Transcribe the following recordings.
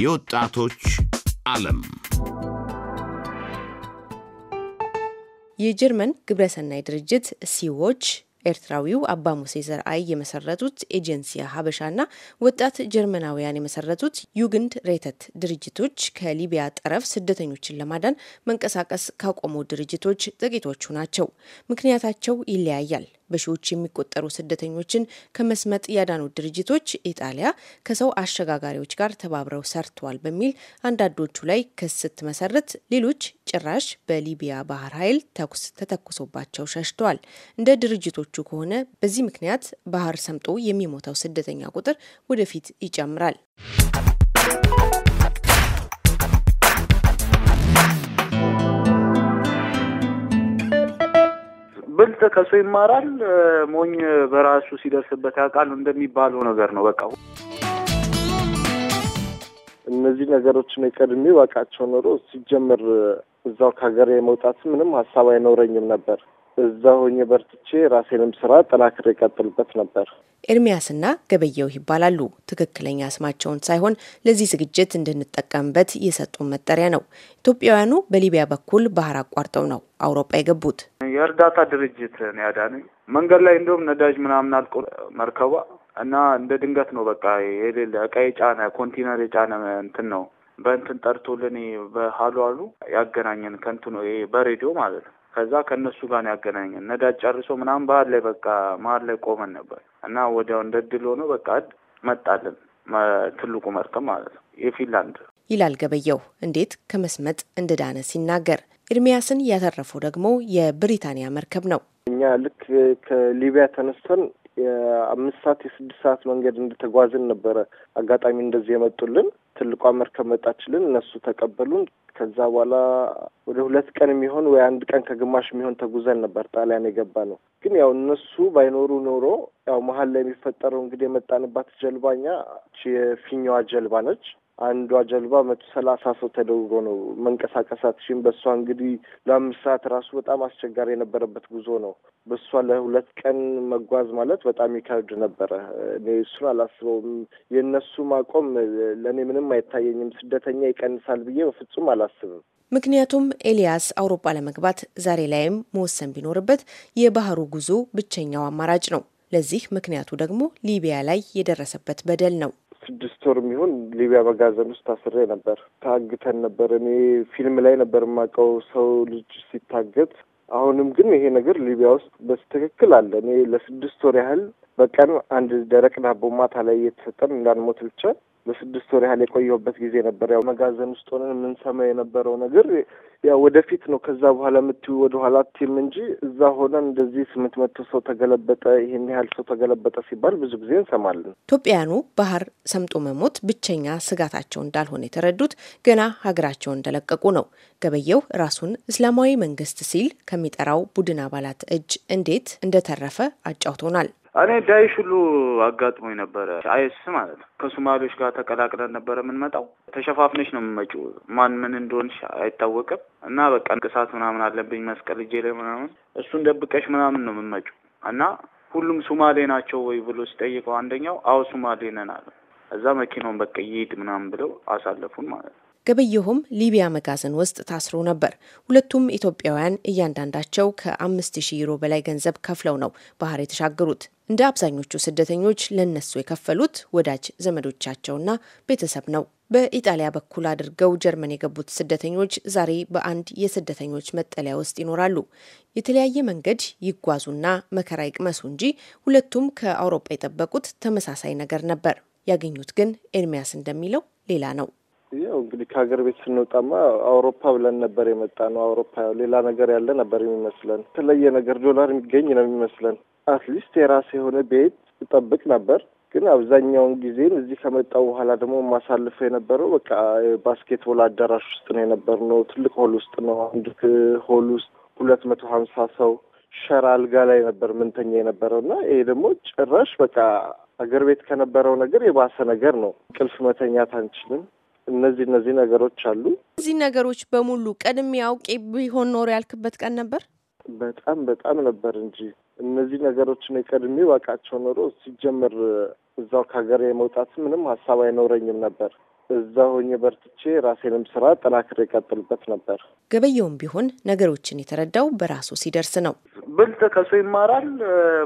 የወጣቶች ዓለም የጀርመን ግብረሰናይ ድርጅት ሲዎች ኤርትራዊው አባ ሙሴ ዘርአይ የመሰረቱት ኤጀንሲያ ሀበሻና ወጣት ጀርመናውያን የመሰረቱት ዩግንድ ሬተት ድርጅቶች ከሊቢያ ጠረፍ ስደተኞችን ለማዳን መንቀሳቀስ ካቆሙ ድርጅቶች ጥቂቶቹ ናቸው። ምክንያታቸው ይለያያል። በሺዎች የሚቆጠሩ ስደተኞችን ከመስመጥ ያዳኑ ድርጅቶች ኢጣሊያ ከሰው አሸጋጋሪዎች ጋር ተባብረው ሰርተዋል በሚል አንዳንዶቹ ላይ ክስ ስትመሰርት፣ ሌሎች ጭራሽ በሊቢያ ባህር ኃይል ተኩስ ተተኩሶባቸው ሸሽተዋል። እንደ ድርጅቶቹ ከሆነ በዚህ ምክንያት ባህር ሰምጦ የሚሞተው ስደተኛ ቁጥር ወደፊት ይጨምራል። አንተ ከሱ ይማራል ሞኝ በራሱ ሲደርስበት ያውቃል እንደሚባለው ነገር ነው። በቃ እነዚህ ነገሮችን የቀድሜ ዋቃቸው ኖሮ ሲጀምር እዛው ከሀገር የመውጣት ምንም ሀሳብ አይኖረኝም ነበር። እዛ ሆኜ በርትቼ ራሴንም ስራ ጠናክሬ ቀጥልበት ነበር። ኤርሚያስና ገበየው ይባላሉ። ትክክለኛ ስማቸውን ሳይሆን ለዚህ ዝግጅት እንድንጠቀምበት የሰጡን መጠሪያ ነው። ኢትዮጵያውያኑ በሊቢያ በኩል ባህር አቋርጠው ነው አውሮፓ የገቡት። የእርዳታ ድርጅት ነው ያዳነኝ። መንገድ ላይ እንዲሁም ነዳጅ ምናምን አልቆ መርከቧ እና እንደ ድንገት ነው በቃ የሌለ እቃ የጫነ ኮንቴነር የጫነ እንትን ነው በእንትን ጠርቶልን በሀሉ አሉ ያገናኘን ከንቱ ነው ይሄ በሬዲዮ ማለት ነው ከዛ ከእነሱ ጋር ነው ያገናኘን። ነዳጅ ጨርሶ ምናምን ባህር ላይ በቃ መሀል ላይ ቆመን ነበር እና ወዲያው እንደ ድል ሆኖ በቃ መጣልን ትልቁ መርከብ ማለት ነው የፊንላንድ ይላል ገበየው እንዴት ከመስመጥ ዳነ ሲናገር። ኤርሚያስን ያተረፈው ደግሞ የብሪታንያ መርከብ ነው። እኛ ልክ ከሊቢያ ተነስተን የአምስት ሰዓት የስድስት ሰዓት መንገድ እንደተጓዝን ነበረ አጋጣሚ እንደዚህ የመጡልን ትልቋ መርከብ መጣችልን። እነሱ ተቀበሉን። ከዛ በኋላ ወደ ሁለት ቀን የሚሆን ወይ አንድ ቀን ከግማሽ የሚሆን ተጉዘን ነበር ጣሊያን የገባ ነው። ግን ያው እነሱ ባይኖሩ ኖሮ ያው መሀል ላይ የሚፈጠረው እንግዲህ የመጣንባት ጀልባኛ የፊኛዋ ጀልባ ነች። አንዷ ጀልባ መቶ ሰላሳ ሰው ተደውጎ ነው መንቀሳቀሳት አትችይም። በእሷ እንግዲህ ለአምስት ሰዓት ራሱ በጣም አስቸጋሪ የነበረበት ጉዞ ነው። በእሷ ለሁለት ቀን መጓዝ ማለት በጣም ይከብድ ነበረ። እኔ እሱን አላስበውም። የእነሱ ማቆም ለእኔ ምንም አይታየኝም። ስደተኛ ይቀንሳል ብዬ በፍጹም አላስብም። ምክንያቱም ኤልያስ አውሮፓ ለመግባት ዛሬ ላይም መወሰን ቢኖርበት የባህሩ ጉዞ ብቸኛው አማራጭ ነው። ለዚህ ምክንያቱ ደግሞ ሊቢያ ላይ የደረሰበት በደል ነው። ስድስት ወር የሚሆን ሊቢያ መጋዘን ውስጥ ታስሬ ነበር። ታግተን ነበር። እኔ ፊልም ላይ ነበር የማውቀው ሰው ልጅ ሲታገት። አሁንም ግን ይሄ ነገር ሊቢያ ውስጥ በትክክል አለ። እኔ ለስድስት ወር ያህል በቀን አንድ ደረቅ ዳቦ ማታ ላይ እየተሰጠን እንዳንሞት ብቻ ለስድስት ወር ያህል የቆየሁበት ጊዜ ነበር። ያው መጋዘን ውስጥ ሆነን የምንሰማ የነበረው ነገር ያው ወደፊት ነው። ከዛ በኋላ የምትዩ ወደ ኋላ ቲም እንጂ እዛ ሆነን እንደዚህ ስምንት መቶ ሰው ተገለበጠ፣ ይህን ያህል ሰው ተገለበጠ ሲባል ብዙ ጊዜ እንሰማለን። ኢትዮጵያውያኑ ባህር ሰምጦ መሞት ብቸኛ ስጋታቸው እንዳልሆነ የተረዱት ገና ሀገራቸውን እንደለቀቁ ነው። ገበየው ራሱን እስላማዊ መንግስት ሲል ከሚጠራው ቡድን አባላት እጅ እንዴት እንደተረፈ አጫውቶናል። እኔ ዳይሽ ሁሉ አጋጥሞኝ ነበረ። አይስ ማለት ነው። ከሱማሌዎች ጋር ተቀላቅለን ነበረ የምንመጣው። ተሸፋፍነች ነው የምመጪው። ማን ምን እንደሆንሽ አይታወቅም። እና በቃ እንቅሳት ምናምን አለብኝ መስቀል እጄ ላይ ምናምን፣ እሱን ደብቀሽ ምናምን ነው የምመጪው። እና ሁሉም ሱማሌ ናቸው ወይ ብሎ ሲጠይቀው አንደኛው አዎ ሱማሌ ነን አለ። እዛ መኪናውን በቃ ይሄድ ምናምን ብለው አሳለፉን ማለት ነው። ገበየሁም ሊቢያ መጋዘን ውስጥ ታስሮ ነበር። ሁለቱም ኢትዮጵያውያን እያንዳንዳቸው ከአምስት ሺህ ዩሮ በላይ ገንዘብ ከፍለው ነው ባህር የተሻገሩት። እንደ አብዛኞቹ ስደተኞች ለነሱ የከፈሉት ወዳጅ ዘመዶቻቸውና ቤተሰብ ነው። በኢጣሊያ በኩል አድርገው ጀርመን የገቡት ስደተኞች ዛሬ በአንድ የስደተኞች መጠለያ ውስጥ ይኖራሉ። የተለያየ መንገድ ይጓዙና መከራ ይቅመሱ እንጂ ሁለቱም ከአውሮፓ የጠበቁት ተመሳሳይ ነገር ነበር። ያገኙት ግን ኤርሚያስ እንደሚለው ሌላ ነው። ያው እንግዲህ ከሀገር ቤት ስንወጣማ አውሮፓ ብለን ነበር የመጣ ነው። አውሮፓ ያው ሌላ ነገር ያለ ነበር የሚመስለን። የተለየ ነገር ዶላር የሚገኝ ነው የሚመስለን። አትሊስት የራሴ የሆነ ቤት እጠብቅ ነበር። ግን አብዛኛውን ጊዜም እዚህ ከመጣው በኋላ ደግሞ የማሳልፈው የነበረው በቃ ባስኬትቦል አዳራሽ ውስጥ ነው የነበር ነው። ትልቅ ሆል ውስጥ ነው። አንድ ሆል ውስጥ ሁለት መቶ ሀምሳ ሰው ሸራ አልጋ ላይ ነበር ምንተኛ የነበረው እና ይሄ ደግሞ ጭራሽ በቃ አገር ቤት ከነበረው ነገር የባሰ ነገር ነው። ቅልፍ መተኛት አንችልም። እነዚህ እነዚህ ነገሮች አሉ። እነዚህ ነገሮች በሙሉ ቀድሜ አውቄ ቢሆን ኖሮ ያልክበት ቀን ነበር። በጣም በጣም ነበር እንጂ እነዚህ ነገሮች እኔ ቀድሜ ዋቃቸው ኖሮ ሲጀምር እዛው ከሀገር የመውጣት ምንም ሀሳብ አይኖረኝም ነበር። እዛ ሆኜ በርትቼ ራሴንም ስራ ጠናክሬ እቀጥልበት ነበር። ገበየውም ቢሆን ነገሮችን የተረዳው በራሱ ሲደርስ ነው። ብልጥ ከሰው ይማራል፣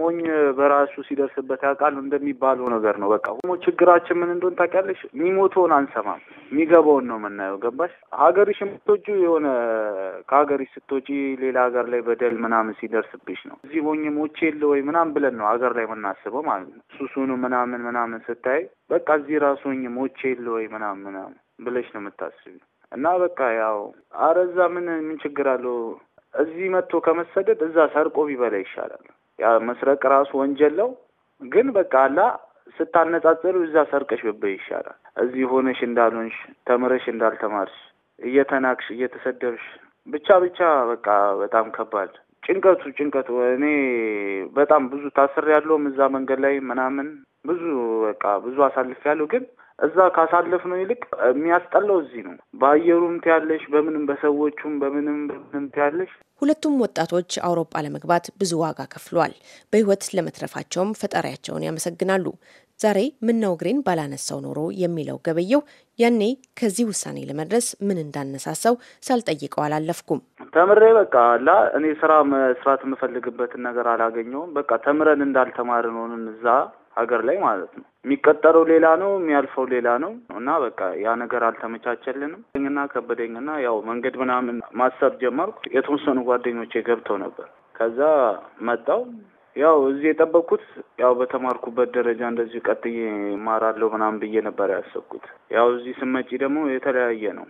ሞኝ በራሱ ሲደርስበት ያውቃል እንደሚባለው ነገር ነው። በቃ ሞ ችግራችን ምን እንደሆን ታውቂያለሽ? ሚሞተውን አንሰማም የሚገባውን ነው የምናየው። ገባሽ? ሀገርሽ የምትወጪ የሆነ ከሀገርሽ ስትወጪ ሌላ ሀገር ላይ በደል ምናምን ሲደርስብሽ ነው። እዚህ ሆኜ ሞቼ የለ ወይ ምናምን ብለን ነው ሀገር ላይ የምናስበው ማለት ነው። ሱሱኑ ምናምን ምናምን ስታይ በቃ እዚህ ራሱ ሆኜ ሞቼ የለ ወይ ምናምን ምናምን ብለሽ ነው የምታስቢ እና በቃ ያው አረ እዛ ምን ምን ችግር አለው እዚህ መጥቶ ከመሰደድ እዛ ሰርቆ ቢበላ ይሻላል። ያ መስረቅ ራሱ ወንጀል ነው። ግን በቃ አላ ስታነጻጽሩ እዛ ሰርቀሽ በበይ ይሻላል። እዚህ ሆነሽ እንዳልሆንሽ ተምረሽ እንዳልተማርሽ እየተናቅሽ እየተሰደብሽ ብቻ ብቻ በቃ በጣም ከባድ ጭንቀቱ ጭንቀቱ እኔ በጣም ብዙ ታስሬያለሁም እዛ መንገድ ላይ ምናምን ብዙ በቃ ብዙ አሳልፍ ያለው ግን እዛ ካሳለፍ ነው ይልቅ የሚያስጠላው እዚህ ነው። በአየሩም ትያለሽ፣ በምንም በሰዎቹም በምንም በምንም ትያለሽ። ሁለቱም ወጣቶች አውሮፓ ለመግባት ብዙ ዋጋ ከፍሏል። በህይወት ለመትረፋቸውም ፈጣሪያቸውን ያመሰግናሉ። ዛሬ ምነው እግሬን ባላነሳው ኖሮ የሚለው ገበየው ያኔ ከዚህ ውሳኔ ለመድረስ ምን እንዳነሳሳው ሳልጠይቀው አላለፍኩም። ተምሬ በቃ አላ እኔ ስራ መስራት የምፈልግበትን ነገር አላገኘውም። በቃ ተምረን እንዳልተማርን ሆንን እዛ አገር ላይ ማለት ነው። የሚቀጠረው ሌላ ነው፣ የሚያልፈው ሌላ ነው እና በቃ ያ ነገር አልተመቻቸልንም ና ከበደኝና ያው መንገድ ምናምን ማሰብ ጀመርኩ። የተወሰኑ ጓደኞቼ ገብተው ነበር። ከዛ መጣው ያው እዚህ የጠበቅኩት ያው በተማርኩበት ደረጃ እንደዚሁ ቀጥዬ ማራለሁ ምናምን ብዬ ነበር ያሰብኩት። ያው እዚህ ስመጪ ደግሞ የተለያየ ነው።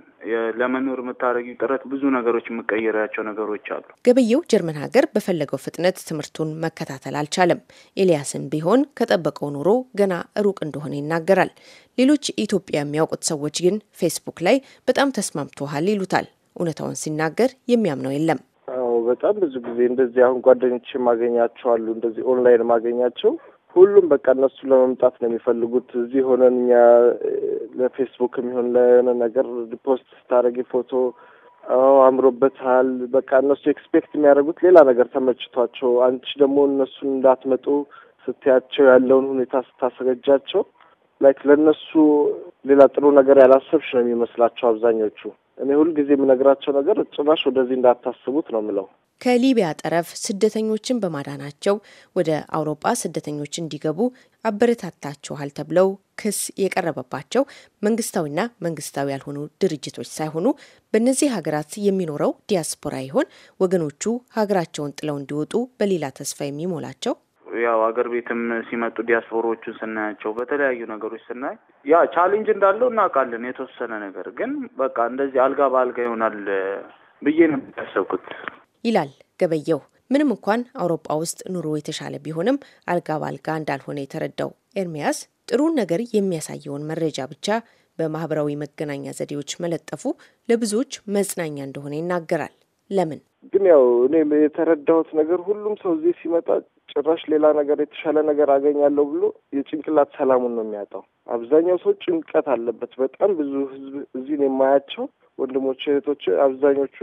ለመኖር የምታደረጊ ጥረት ብዙ ነገሮች የምቀየራቸው ነገሮች አሉ። ገበየው ጀርመን ሀገር በፈለገው ፍጥነት ትምህርቱን መከታተል አልቻለም። ኤልያስን ቢሆን ከጠበቀው ኑሮ ገና ሩቅ እንደሆነ ይናገራል። ሌሎች ኢትዮጵያ የሚያውቁት ሰዎች ግን ፌስቡክ ላይ በጣም ተስማምቶሃል ይሉታል። እውነታውን ሲናገር የሚያምነው የለም። በጣም ብዙ ጊዜ እንደዚህ አሁን ጓደኞች ማገኛቸዋሉ እንደዚህ ኦንላይን ማገኛቸው ሁሉም በቃ እነሱ ለመምጣት ነው የሚፈልጉት። እዚህ ሆነን እኛ ለፌስቡክ የሚሆን ለሆነ ነገር ፖስት ስታደረጊ ፎቶ አምሮበታል። በቃ እነሱ ኤክስፔክት የሚያደርጉት ሌላ ነገር ተመችቷቸው፣ አንቺ ደግሞ እነሱን እንዳትመጡ ስትያቸው ያለውን ሁኔታ ስታስረጃቸው ላይክ ለእነሱ ሌላ ጥሩ ነገር ያላሰብሽ ነው የሚመስላቸው አብዛኞቹ። እኔ ሁልጊዜ የምነግራቸው ነገር ጭራሽ ወደዚህ እንዳታስቡት ነው ምለው። ከሊቢያ ጠረፍ ስደተኞችን በማዳናቸው ወደ አውሮፓ ስደተኞች እንዲገቡ አበረታታችኋል ተብለው ክስ የቀረበባቸው መንግስታዊና መንግስታዊ ያልሆኑ ድርጅቶች ሳይሆኑ በእነዚህ ሀገራት የሚኖረው ዲያስፖራ ይሆን? ወገኖቹ ሀገራቸውን ጥለው እንዲወጡ በሌላ ተስፋ የሚሞላቸው ያው አገር ቤትም ሲመጡ ዲያስፖሮቹን ስናያቸው በተለያዩ ነገሮች ስናይ ያ ቻሌንጅ እንዳለው እናውቃለን። የተወሰነ ነገር ግን በቃ እንደዚህ አልጋ በአልጋ ይሆናል ብዬ ነው ያሰብኩት ይላል ገበየው። ምንም እንኳን አውሮፓ ውስጥ ኑሮ የተሻለ ቢሆንም አልጋ በአልጋ እንዳልሆነ የተረዳው ኤርሚያስ ጥሩን ነገር የሚያሳየውን መረጃ ብቻ በማህበራዊ መገናኛ ዘዴዎች መለጠፉ ለብዙዎች መጽናኛ እንደሆነ ይናገራል። ለምን ግን ያው እኔ የተረዳሁት ነገር ሁሉም ሰው እዚህ ሲመጣ ጭራሽ ሌላ ነገር የተሻለ ነገር አገኛለሁ ብሎ የጭንቅላት ሰላሙን ነው የሚያጣው። አብዛኛው ሰው ጭንቀት አለበት። በጣም ብዙ ህዝብ እዚህን የማያቸው ወንድሞች እህቶች፣ አብዛኞቹ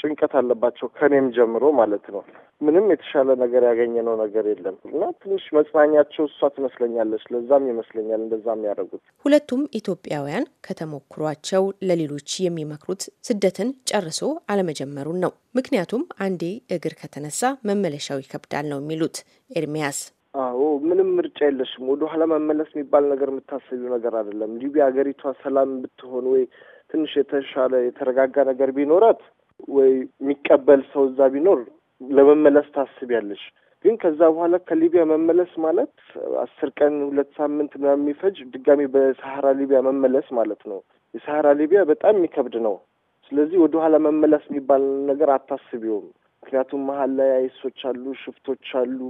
ጭንቀት አለባቸው ከኔም ጀምሮ ማለት ነው። ምንም የተሻለ ነገር ያገኘነው ነገር የለም እና ትንሽ መጽናኛቸው እሷ ትመስለኛለች። ለዛም ይመስለኛል እንደዛም ያደረጉት ሁለቱም ኢትዮጵያውያን ከተሞክሯቸው ለሌሎች የሚመክሩት ስደትን ጨርሶ አለመጀመሩን ነው። ምክንያቱም አንዴ እግር ከተነሳ መመለሻው ይከብዳል ነው የሚሉት ኤርሚያስ። አዎ ምንም ምርጫ የለሽም። ኋላ መመለስ የሚባል ነገር የምታሰቢው ነገር አይደለም። ሊቢያ ሀገሪቷ ሰላም ብትሆን ወይ ትንሽ የተሻለ የተረጋጋ ነገር ቢኖራት ወይ የሚቀበል ሰው እዛ ቢኖር ለመመለስ ታስቢያለሽ። ግን ከዛ በኋላ ከሊቢያ መመለስ ማለት አስር ቀን ሁለት ሳምንት ምናምን የሚፈጅ ድጋሚ በሰሐራ ሊቢያ መመለስ ማለት ነው። የሰሃራ ሊቢያ በጣም የሚከብድ ነው። ስለዚህ ወደ ኋላ መመለስ የሚባል ነገር አታስቢውም። ምክንያቱም መሀል ላይ አይሶች አሉ፣ ሽፍቶች አሉ።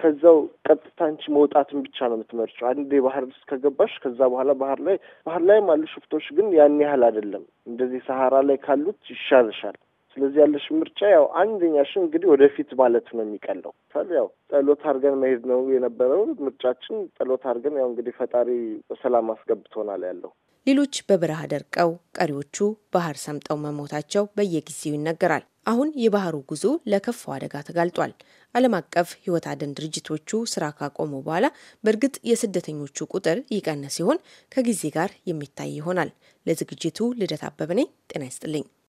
ከዛው ቀጥታ አንቺ መውጣትን ብቻ ነው የምትመርጨው። አንዴ ባህር ውስጥ ከገባሽ ከዛ በኋላ ባህር ላይ ባህር ላይም አሉ ሽፍቶች፣ ግን ያን ያህል አይደለም። እንደዚህ ሰሐራ ላይ ካሉት ይሻልሻል። ስለዚህ ያለሽ ምርጫ ያው አንደኛሽ እንግዲህ ወደፊት ማለት ነው የሚቀለው ያው ጸሎት አድርገን መሄድ ነው የነበረው ምርጫችን። ጸሎት አድርገን ያው እንግዲህ ፈጣሪ በሰላም አስገብቶናል ያለው። ሌሎች በበረሃ ደርቀው ቀሪዎቹ ባህር ሰምጠው መሞታቸው በየጊዜው ይነገራል። አሁን የባህሩ ጉዞ ለከፋው አደጋ ተጋልጧል። ዓለም አቀፍ ሕይወት አድን ድርጅቶቹ ስራ ካቆሙ በኋላ በእርግጥ የስደተኞቹ ቁጥር ይቀነ ሲሆን ከጊዜ ጋር የሚታይ ይሆናል። ለዝግጅቱ ልደት አበበ ነኝ። ጤና ይስጥልኝ።